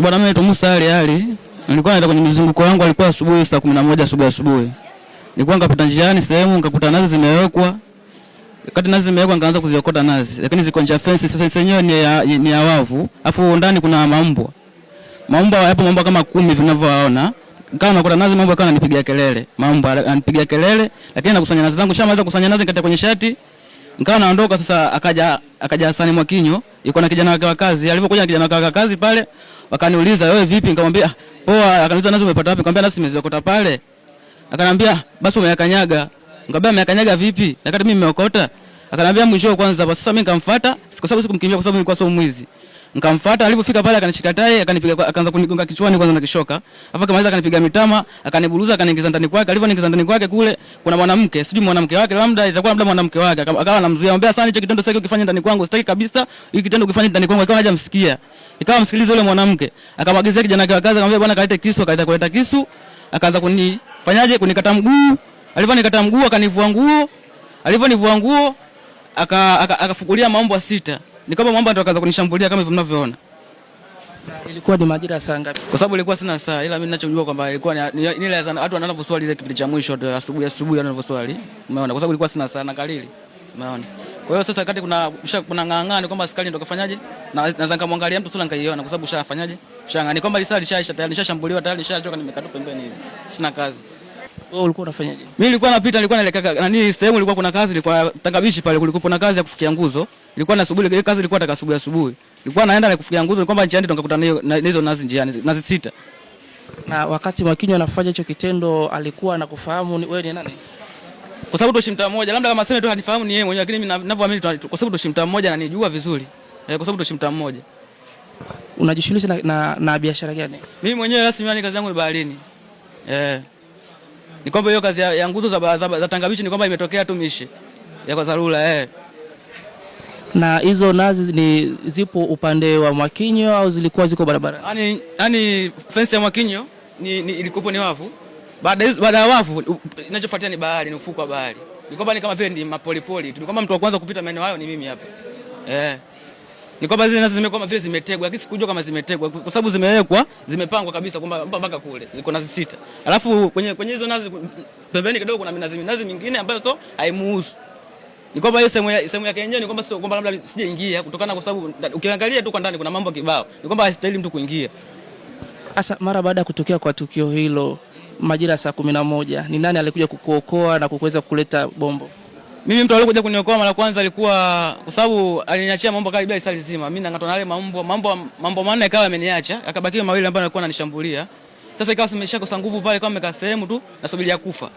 Bwana, mimi naitwa Musa Ali Ali. Nilikuwa naenda kwenye mzunguko wangu alikuwa asubuhi saa 11 asubuhi asubuhi. Nilikuwa ngapita njiani sehemu nikakuta nazi zimewekwa. Kati nazi zimewekwa nikaanza kuziokota nazi. Lakini ziko nje fence, fence yenyewe ni ya, ni ya wavu. Afu ndani kuna mambwa. Mambwa hapo mambwa kama kumi vinavyoona. Nikawa nakuta nazi mambwa kana nipigia kelele. Mambwa anipigia kelele, lakini nakusanya nazi zangu, shamaweza kusanya nazi nikata kwenye shati. Nikawa naondoka sasa, akaja akaja Hassan Mwakinyo, yuko na kijana wake wa kazi. Alipokuja na kijana wake wa kazi pale, wakaniuliza wewe vipi? Nikamwambia poa. Akaniuliza nazo umepata wapi? Nikamwambia nasi nimeziokota pale. Akanambia basi umeyakanyaga. Nikamwambia umeyakanyaga vipi? Nakati mimi nimeokota. Akanambia mwisho kwanza. Basi Sasa mimi nikamfuata, kwa sababu sikumkimbia kwa sababu nilikuwa sio mwizi. Nikamfuata, alipofika pale akanishika tai, akanipiga, akaanza kunigonga kichwani kwanza na kishoka. Hapo kamaliza akanipiga mitama, akaniburuza, akaniingiza ndani kwake. Alivyoniingiza ndani kwake kule kuna mwanamke, sijui mwanamke wake, labda itakuwa labda mwanamke wake. Akawa anamzuia, anambia sana, hicho kitendo sasa ukifanya ndani kwangu, sitaki kabisa hiki kitendo ukifanya ndani kwangu. Akawa hajamsikia, ikawa msikilize yule mwanamke. Akamwagizia kijana wake wa kazi, akamwambia bwana, kalete kisu. Akaleta kuleta kisu, akaanza kunifanyaje, kunikata mguu. Alivyonikata mguu, akanivua nguo. Alivyonivua nguo, akafukulia mambo sita ni kama mwamba mambo atakaanza kunishambulia kama hivyo mnavyoona. Ilikuwa ni majira saa ngapi? Kwa sababu ilikuwa sina saa, ila mimi ninachojua kwamba ilikuwa ni ile watu wanavyoswali ile kipindi cha mwisho asubuhi asubuhi wanavyoswali. Umeona? Kwa sababu ilikuwa sina saa na kalili. Umeona? Kwa hiyo sasa kati kuna kuna ng'ang'ani kwamba askari ndio kafanyaje? Na naweza nikamwangalia mtu sura nikaiona kwa sababu ushafanyaje? Ushang'ani kwamba lisali shaisha tayari, nishashambuliwa tayari, nishachoka, nimekatupa pembeni hivi. Sina kazi. Wewe ulikuwa unafanyaje? Mimi nilikuwa napita, nilikuwa naelekea nani sehemu, ilikuwa kuna kazi, ilikuwa tangabishi pale, kulikuwa na kazi ya kufukia nguzo, nilikuwa na asubuhi ile kazi, ilikuwa taka asubuhi asubuhi, nilikuwa naenda na kufukia nguzo, kwamba njiani tukakutana na hizo nazi njiani, nazi sita. Na wakati Mwakinyo anafanya hicho kitendo alikuwa anakufahamu wewe ni nani? Kwa sababu tu shimta mmoja, labda kama sema tu hanifahamu ni yeye mwenyewe, lakini mimi ninavyoamini, kwa sababu tu shimta mmoja ananijua vizuri, eh, kwa sababu tu shimta mmoja. Unajishughulisha na, na, na biashara gani? Mimi mwenyewe rasmi, yani kazi yangu ni baharini eh. Yeah ni kwamba hiyo kazi ya, ya nguzo za, za, za tangabichi ni kwamba imetokea tu mishi ya kwa dharura eh. Na hizo nazi ni zipo upande wa Mwakinyo au zilikuwa ziko barabarani? Yaani yaani fence ya Mwakinyo ni, ni ilikuwa ni wavu. Baada baada ya wavu inachofuatia ni bahari, ni ufuko wa bahari. Ni kwamba ni kama vile ni mapolipoli. Ni kwamba mtu wa kwanza kupita maeneo hayo ni mimi hapa. Eh ni kwamba zile nazo zimekuwa vile zimetegwa, lakini sikujua kama zimetegwa kwa sababu zimewekwa zimepangwa kabisa kwamba mpaka kule ziko nazi sita, alafu kwenye kwenye hizo nazi pembeni kidogo kuna minazi minazi mingine ambayo so haimuhusu. Ni kwamba hiyo sehemu sehemu yake yenyewe ni kwamba sio kwamba labda sijaingia kutokana, kwa sababu ukiangalia tu kwa ndani kuna mambo kibao, ni kwamba hastahili mtu kuingia. Sasa mara baada ya kutokea kwa tukio hilo majira ya saa kumi na moja ni nani alikuja kukuokoa na kukuweza kuleta bombo? Mimi mtu alikuja kuniokoa mara kwanza alikuwa kwa sababu aliniachia mambo kali bila isali zima. Mimi nangatwa na yale mambo mambo mambo manne akawa ameniacha, akabaki mawili ambayo alikuwa ananishambulia. Sasa ikawa nimeshakosa nguvu pale kama nimekaa sehemu tu nasubiria kufa.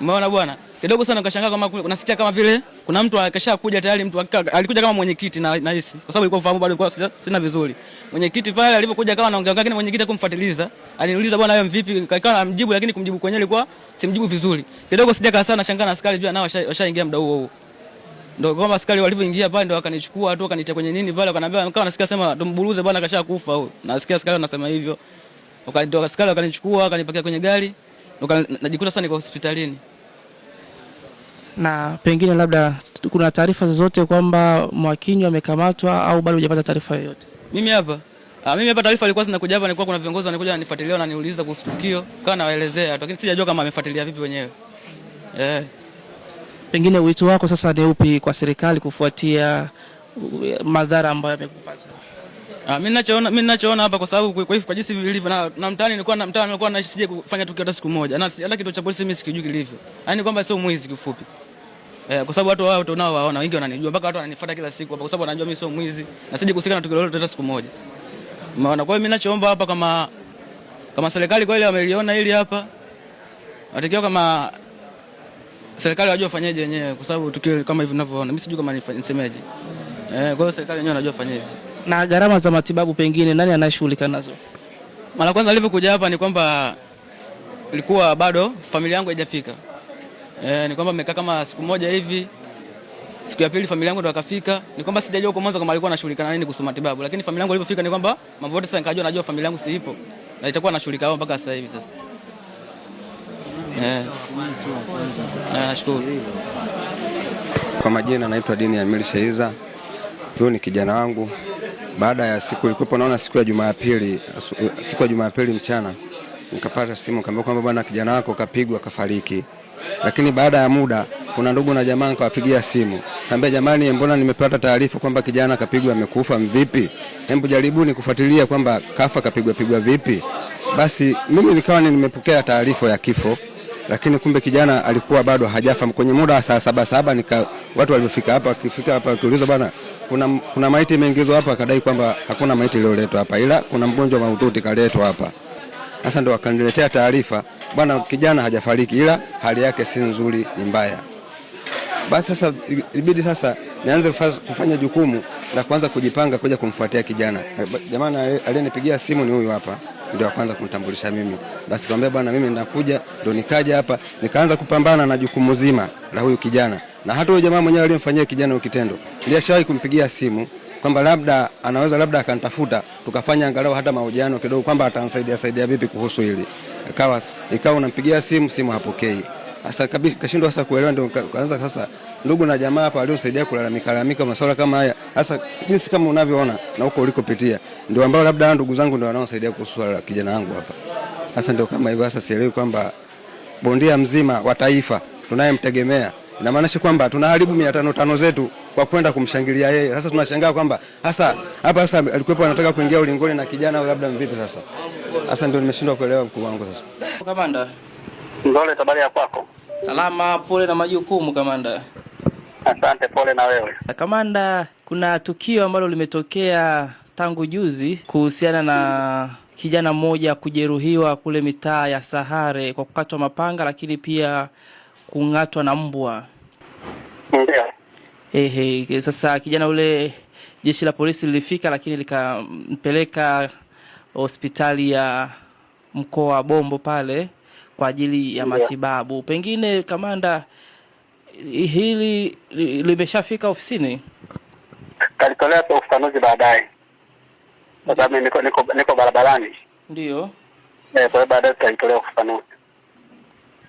Umeona bwana? kidogo sana, nikashangaa kama nasikia kama vile kuna mtu akashakuja tayari, mtu alikuja kama mwenyekiti na nahisi, kwa sababu ilikuwa ufahamu bado ilikuwa sina vizuri. Mwenyekiti pale alipokuja kama anaongea kaka, mwenyekiti akumfuatiliza, aliniuliza bwana, wewe mvipi? Kakaa namjibu, lakini kumjibu kwenyewe ilikuwa simjibu vizuri kidogo, Sija sijakaa sana, nashangaa na askari pia nao washaingia muda huo huo Ndo kama askari walivyoingia pale ndo wakanichukua tu wakanitia kwenye nini pale, wakaniambia kama nasikia sema tumburuze bwana kashakufa kufa huyo, nasikia askari anasema hivyo. wakati askari wakanichukua wakanipakia kwenye gari, najikuta sasa niko hospitalini na pengine labda kuna taarifa zozote kwamba Mwakinyo amekamatwa au bado hujapata taarifa yoyote? Mimi hapa ah, mimi hapa taarifa ilikuwa zinakuja hapa, nilikuwa kuna viongozi wanakuja wananifuatilia na niuliza kuhusu tukio, kana nawaelezea, lakini sijajua kama amefuatilia vipi wenyewe eh. Pengine wito wako sasa ni upi kwa serikali kufuatia madhara ambayo yamekupata? Ah, mimi ninachoona mimi ninachoona hapa kwa sababu kwa hivyo kwa jinsi vilivyo na, na mtaani nilikuwa na mtaani nilikuwa naishije kufanya tukio hata siku moja. Na hata kitu cha polisi mimi sikijui kilivyo. Yaani kwamba sio mwizi kifupi. Eh, kwa sababu watu wao tunao waona wengi wananijua mpaka watu wananifuata kila siku hapa kwa sababu wanajua mimi sio mwizi na siji kusika na tukio lolote hata siku moja. Maana kwa hiyo mimi ninachoomba hapa kama kama serikali kweli wameliona hili hapa. Watakiwa kama serikali wajua fanyeje wenyewe kwa sababu tukio kama hivi ninavyoona mimi sijui kama nisemeje. Eh, kwa hiyo serikali yenyewe wanajua fanyeje. Na gharama za matibabu pengine nani anashughulika nazo? Mara kwanza nilipokuja hapa ni kwamba ilikuwa bado familia yangu haijafika. Eh, ni kwamba nimekaa kama siku moja hivi. Siku ya pili familia yangu ndo wakafika. Ni kwamba sijajua huko mwanzo kama alikuwa anashughulika na nini kuhusu matibabu, lakini familia yangu ilipofika ni kwamba mambo yote sasa nikajua najua familia yangu siipo. Na itakuwa anashughulika wao mpaka sasa hivi sasa. Eh. Na nashukuru. Kwa majina naitwa Dini ya Amili Sheiza. Huyu ni kijana wangu. Baada ya siku ilikuwa naona siku ya Jumapili, siku ya Jumapili mchana nikapata simu kaambia kwamba bwana kijana wako kapigwa kafariki lakini baada ya muda kuna ndugu na jamaa nikawapigia simu, kaambia jamani, mbona nimepata taarifa kwamba kijana kapigwa amekufa, mvipi? Hebu jaribuni kufuatilia kwamba kafa kapigwa pigwa vipi. Basi mimi nikawa nimepokea taarifa ya kifo, lakini kumbe kijana alikuwa bado hajafa. Kwenye muda wa saa saba saba nika watu waliofika hapa, wakifika hapa wakiuliza, bwana, kuna, kuna maiti imeingizwa hapa, akadai kwamba hakuna maiti iliyoletwa hapa, ila kuna mgonjwa mahututi kaletwa hapa. Sasa ndo wakaniletea taarifa, bwana, kijana hajafariki, ila hali yake si nzuri, ni mbaya. Basi sasa ilibidi sasa nianze kufanya jukumu la kuanza kujipanga kuja kumfuatia kijana. Eh, jamani, aliyenipigia simu ni huyu hapa, ndio kwanza kumtambulisha mimi. Basi kaambia bwana, mimi ninakuja, ndio nikaja hapa nikaanza kupambana na jukumu zima la huyu kijana, na hata huyo jamaa mwenyewe aliyemfanyia kijana ukitendo kitendo ndiye ashawahi kumpigia simu kwamba labda anaweza labda akanitafuta tukafanya angalau hata mahojiano kidogo, kwamba atansaidia saidia vipi kuhusu hili. Ikawa ikawa unampigia simu simu hapokei, sasa kabisa kashindwa sasa kuelewa, ndio kaanza sasa ndugu na jamaa hapa waliosaidia kulalamika lalamika masuala kama haya, hasa jinsi kama unavyoona na huko ulikopitia, ndio ambao labda ndugu zangu ndio wanaosaidia kuhusu swala la kijana wangu hapa. Sasa ndio kama hivyo, sasa sielewi kwamba bondia mzima wa taifa tunayemtegemea inamaanisha kwamba tunaharibu mia tano tano zetu kwa kwenda kumshangilia yeye. Sasa tunashangaa kwamba hasa hapa sasa alikuwepo anataka kuingia ulingoni na kijana au labda mvipi? Sasa sasa ndio nimeshindwa kuelewa mkuu wangu. Sasa kamanda Ndole, habari ya kwako? Salama, pole na majukumu kamanda. Asante, pole na wewe kamanda. Kuna tukio ambalo limetokea tangu juzi kuhusiana na kijana mmoja kujeruhiwa kule mitaa ya Sahare kwa kukatwa mapanga, lakini pia kung'atwa na mbwa. Ndio. Ehe, sasa kijana ule jeshi la polisi lilifika, lakini likampeleka hospitali ya mkoa wa Bombo pale kwa ajili ya matibabu. Ndia. Pengine kamanda, hili limeshafika ofisini? Talitolewa ufafanuzi baadaye, kwa sababu niko, niko, niko barabarani. Ndio. Eh, baadaye tutalitolea ufafanuzi.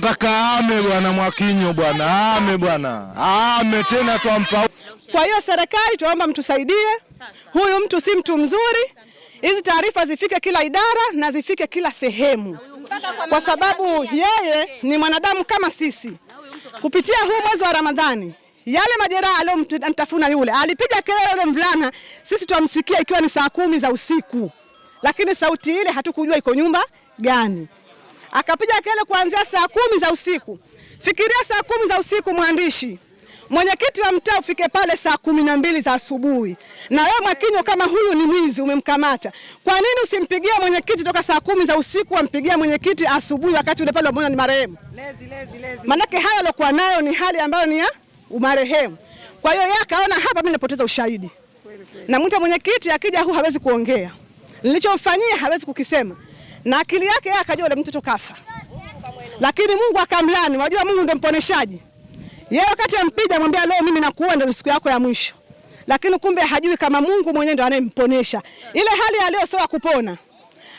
tunataka ame bwana Mwakinyo bwana ame bwana ame tena twampa. Kwa hiyo serikali tuomba mtusaidie, huyu mtu si mtu mzuri. Hizi taarifa zifike kila idara na zifike kila sehemu, kwa sababu yeye ni mwanadamu kama sisi. Kupitia huu mwezi wa Ramadhani yale majeraha aliyomtafuna yule, alipiga kelele yule mvulana, sisi twamsikia ikiwa ni saa kumi za usiku, lakini sauti ile hatukujua iko nyumba gani akapiga kelele kuanzia saa kumi za usiku. Fikiria saa kumi za usiku, mwandishi mwenyekiti wa mtaa ufike pale saa kumi na mbili za asubuhi. Na wewe Mwakinyo, kama huyu ni mwizi umemkamata, kwa nini usimpigia mwenyekiti toka saa kumi za usiku, wampigia mwenyekiti asubuhi, wakati ule pale ambona ni marehemu? Maanake haya aliokuwa nayo ni hali ambayo ni ya umarehemu. Kwa hiyo yeye akaona hapa mimi napoteza ushahidi, namwita mwenyekiti, akija huu hawezi kuongea, nilichomfanyia hawezi kukisema na akili yake yeye akajua yule mtoto kafa, lakini Mungu akamlani. Wajua Mungu ndio mponeshaji. Yeye wakati ampiga mwambia, leo mimi nakuua, ndio siku yako ya mwisho, lakini kumbe hajui kama Mungu mwenyewe ndio anayemponesha. Ile hali aliyosoa kupona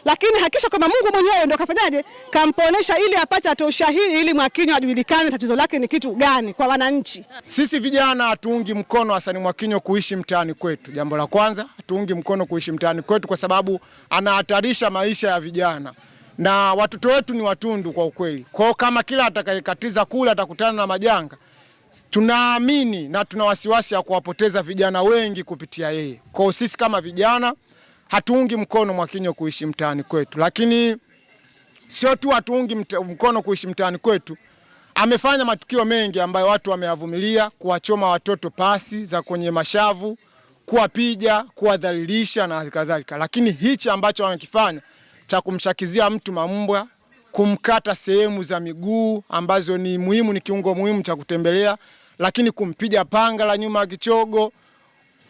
lakini hakikisha kwamba Mungu mwenyewe ndio kafanyaje, kamponesha ili apate atoe ushahidi, ili Mwakinyo ajulikane tatizo lake ni kitu gani kwa wananchi. Sisi vijana hatuungi mkono Hasani Mwakinyo kuishi mtaani kwetu. Jambo la kwanza, hatuungi mkono kuishi mtaani kwetu kwa sababu anahatarisha maisha ya vijana na watoto wetu ni watundu kwa ukweli. Kwa kama kila atakayekatiza kula atakutana na majanga. Tunaamini na tuna wasiwasi ya kuwapoteza vijana wengi kupitia yeye. Kwa sisi kama vijana hatuungi mkono Mwakinyo kuishi mtaani kwetu, lakini sio tu hatuungi mkono kuishi mtaani kwetu, amefanya matukio mengi ambayo watu wameyavumilia: kuwachoma watoto pasi za kwenye mashavu, kuwapiga, kuwadhalilisha na kadhalika. Lakini hichi ambacho amekifanya cha kumshakizia mtu mambwa, kumkata sehemu za miguu ambazo ni muhimu, ni kiungo muhimu cha kutembelea, lakini kumpiga panga la nyuma ya kichogo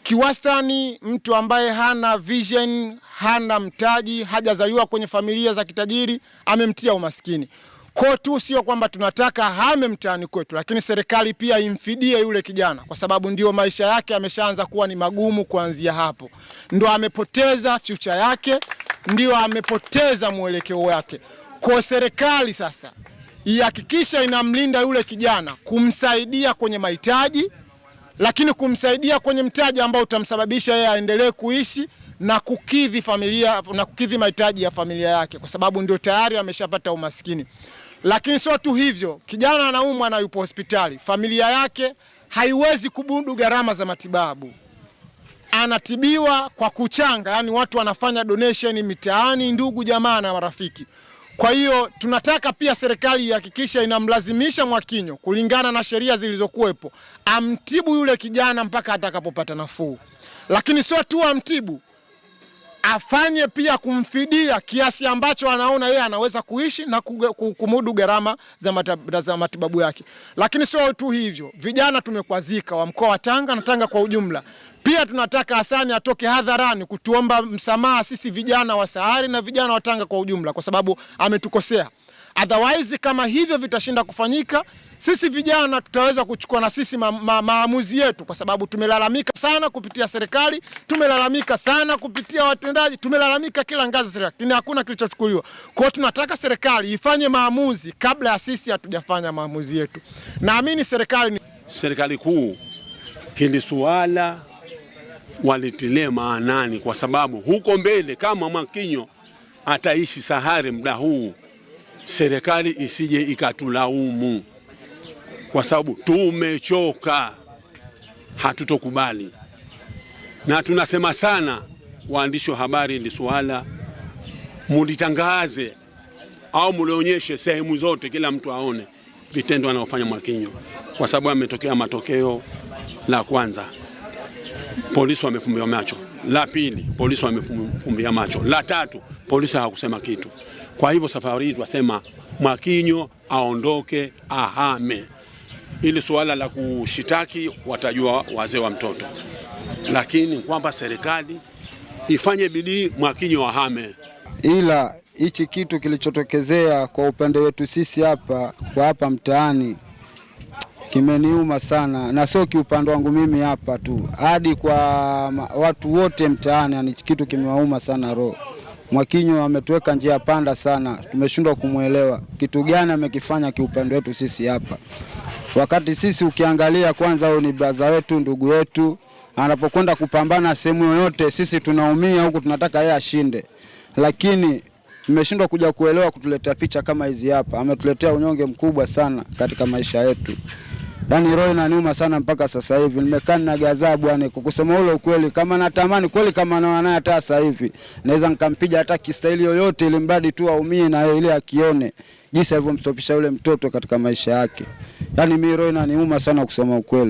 Kiwastani, mtu ambaye hana vision, hana mtaji, hajazaliwa kwenye familia za kitajiri, amemtia umaskini ko tu. Sio kwamba tunataka hame mtaani kwetu, lakini serikali pia imfidie yule kijana, kwa sababu ndio maisha yake ameshaanza kuwa ni magumu. Kuanzia hapo ndo amepoteza future yake, ndio amepoteza mwelekeo wake. Kwa serikali sasa ihakikisha inamlinda yule kijana, kumsaidia kwenye mahitaji lakini kumsaidia kwenye mtaji ambao utamsababisha yeye aendelee kuishi na kukidhi familia na kukidhi mahitaji ya familia yake, kwa sababu ndio tayari ameshapata umaskini. Lakini sio tu hivyo, kijana anaumwa na yupo hospitali, familia yake haiwezi kumudu gharama za matibabu, anatibiwa kwa kuchanga, yani watu wanafanya donation mitaani, ndugu jamaa na marafiki kwa hiyo tunataka pia serikali ihakikisha inamlazimisha Mwakinyo kulingana na sheria zilizokuwepo amtibu yule kijana mpaka atakapopata nafuu, lakini sio tu amtibu, afanye pia kumfidia kiasi ambacho anaona yeye anaweza kuishi na kumudu gharama za matibabu yake. Lakini sio tu hivyo, vijana tumekwazika wa mkoa wa Tanga na Tanga kwa ujumla, pia tunataka Hasani atoke hadharani kutuomba msamaha sisi vijana wa Sahari na vijana wa Tanga kwa ujumla, kwa sababu ametukosea. Otherwise, kama hivyo vitashinda kufanyika, sisi vijana tutaweza kuchukua na sisi ma ma maamuzi yetu, kwa sababu tumelalamika sana kupitia serikali, tumelalamika sana kupitia watendaji, tumelalamika kila ngazi, lakini hakuna kilichochukuliwa. Kwa hiyo tunataka serikali ifanye maamuzi kabla ya sisi hatujafanya maamuzi yetu. Naamini serikali ni serikali kuu, hili suala walitilie maanani, kwa sababu huko mbele kama Makinyo ataishi sahari muda huu, serikali isije ikatulaumu, kwa sababu tumechoka, hatutokubali. Na tunasema sana, waandishi wa habari, ni suala mulitangaze au mulionyeshe sehemu zote, kila mtu aone vitendo anaofanya Mwakinyo, kwa sababu ametokea matokeo la kwanza polisi wamefumbia macho. La pili, polisi wamefumbia macho. La tatu, polisi hawakusema kitu. Kwa hivyo safari hii tunasema Mwakinyo aondoke, ahame. Ili suala la kushitaki watajua wazee wa mtoto, lakini kwamba serikali ifanye bidii Mwakinyo ahame. Ila hichi kitu kilichotokezea kwa upande wetu sisi hapa kwa hapa mtaani kimeniuma sana, na sio kiupande wangu mimi hapa tu, hadi kwa watu wote mtaani, ni kitu kimewauma sana roho. Mwakinyo ametuweka njia panda sana, tumeshindwa kumwelewa kitu gani amekifanya kiupande wetu sisi hapa, wakati sisi ukiangalia, kwanza huyo ni braza wetu, ndugu yetu, anapokwenda kupambana sehemu yoyote, sisi tunaumia huku, tunataka yeye ashinde, lakini tumeshindwa kuja kuelewa, kutuletea picha kama hizi hapa. Ametuletea unyonge mkubwa sana katika maisha yetu yani roho inaniuma sana mpaka sasa hivi, nimekaa na ghadhabu yani, kukusema ule ukweli. Kama natamani kweli, kama naona naye hata sasa hivi naweza nikampiga hata kistahili yoyote, ili mradi tu aumie na ile akione jinsi alivyomstopisha yule mtoto katika maisha yake. Yani mimi roho inaniuma sana kusema ukweli.